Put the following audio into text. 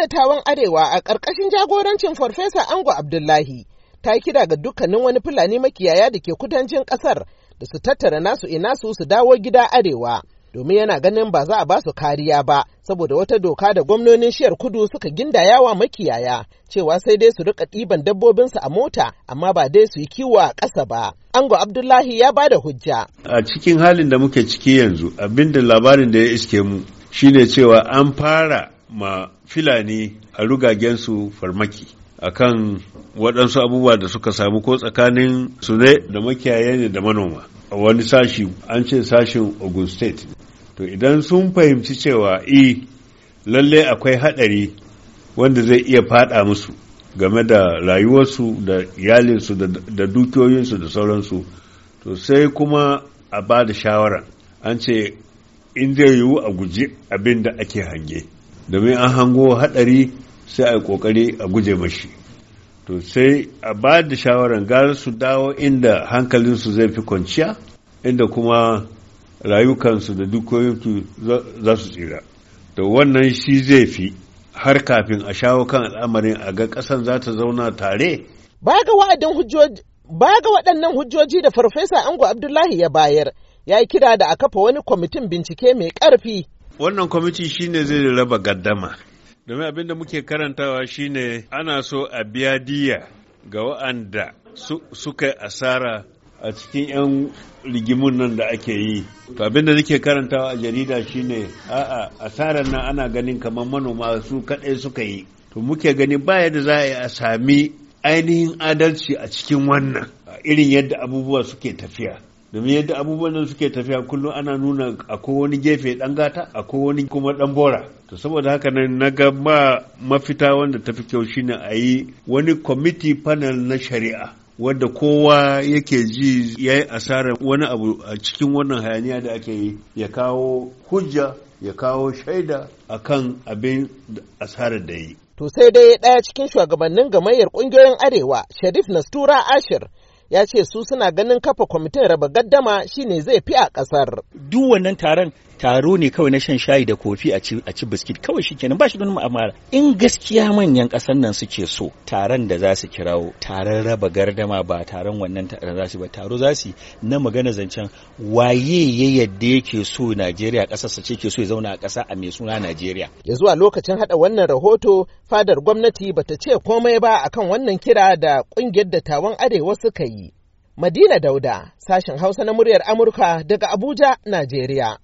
dattawan Arewa a ƙarƙashin jagorancin Farfesa Ango Abdullahi ta kira ga dukkanin wani Fulani makiyaya da ke kudancin ƙasar da su tattara nasu ina su su dawo gida Arewa. domin yana ganin ba za a ba su kariya ba saboda wata doka da gwamnonin shiyar kudu suka gindaya wa makiyaya cewa sai dai su rika ɗiban dabbobinsu a mota amma ba dai su yi kiwo a ƙasa ba ango abdullahi ya ba da hujja a cikin halin da muke ciki yanzu abinda labarin da ya iske mu shine cewa an fara ma Filani a rugagensu farmaki a kan waɗansu abubuwa da suka samu ko tsakanin su ne da makiyaye ne da manoma a wani sashi an ce sashin Ogun State to idan sun fahimci cewa i e, lalle akwai haɗari wanda zai iya faɗa musu game da rayuwarsu da iyalinsu da dukiyoyinsu da sauransu to sai kuma a ba da shawara an ce in zai yiwu a guji abin da ake hange domin an hango haɗari sai a yi ƙoƙari a guje mashi to sai a ba da shawarar gara su dawo inda hankalinsu zai fi kwanciya inda kuma rayukansu da dukiyoyinsu za su tsira to wannan shi zai fi har kafin a shawo kan al'amarin a ga ƙasar za ta zauna tare ba ga waɗannan hujjoji da Farfesa Ango Abdullahi ya bayar, ya yi kira da a kafa wani kwamitin bincike mai ƙarfi wannan kwamiti shine zai raba gaddama domin abinda muke karantawa shine ana so a biya diya ga wa'anda suka asara a cikin 'yan rigimun nan da ake yi to abin nake karantawa a jarida shine a'a asarar nan ana ganin kamar manoma su kadai suka yi to muke gani ba yadda za a a sami ainihin adalci a cikin wannan irin yadda abubuwa suke tafiya domin yadda abubuwan nan suke tafiya kullum ana nuna a wani gefe dan gata a wani kuma dan bora to saboda haka nan na ga ma mafita wanda tafi kyau shine a yi wani kwamiti panel na shari'a wadda kowa yake ji ya yi asarar wani abu a cikin wannan hayaniya da ake yi ya kawo hujja ya kawo shaida a kan abin asarar da yi to sai dai ɗaya cikin shugabannin gamayyar ƙungiyoyin arewa sharif nastura ashir ya ce su suna ganin kafa kwamitin raba gaddama shine zai fi a ƙasar. Duk wannan taron taro ne kawai na shan shayi da kofi a ci a ci biskit kawai shi kenan ba shi don mu'amala in gaskiya manyan ƙasar nan suke so taron da za su kirawo taron raba gardama ba taron wannan taron za su ba taro za su na magana zancen waye ya yadda yake so Najeriya ƙasar sa ke so ya zauna a ƙasa a mai suna Najeriya ya zuwa lokacin hada wannan rahoto fadar gwamnati bata ce komai ba akan wannan kira da kungiyar dattawan arewa suka yi Madina Dauda, sashen Hausa na muryar Amurka daga Abuja, Najeriya.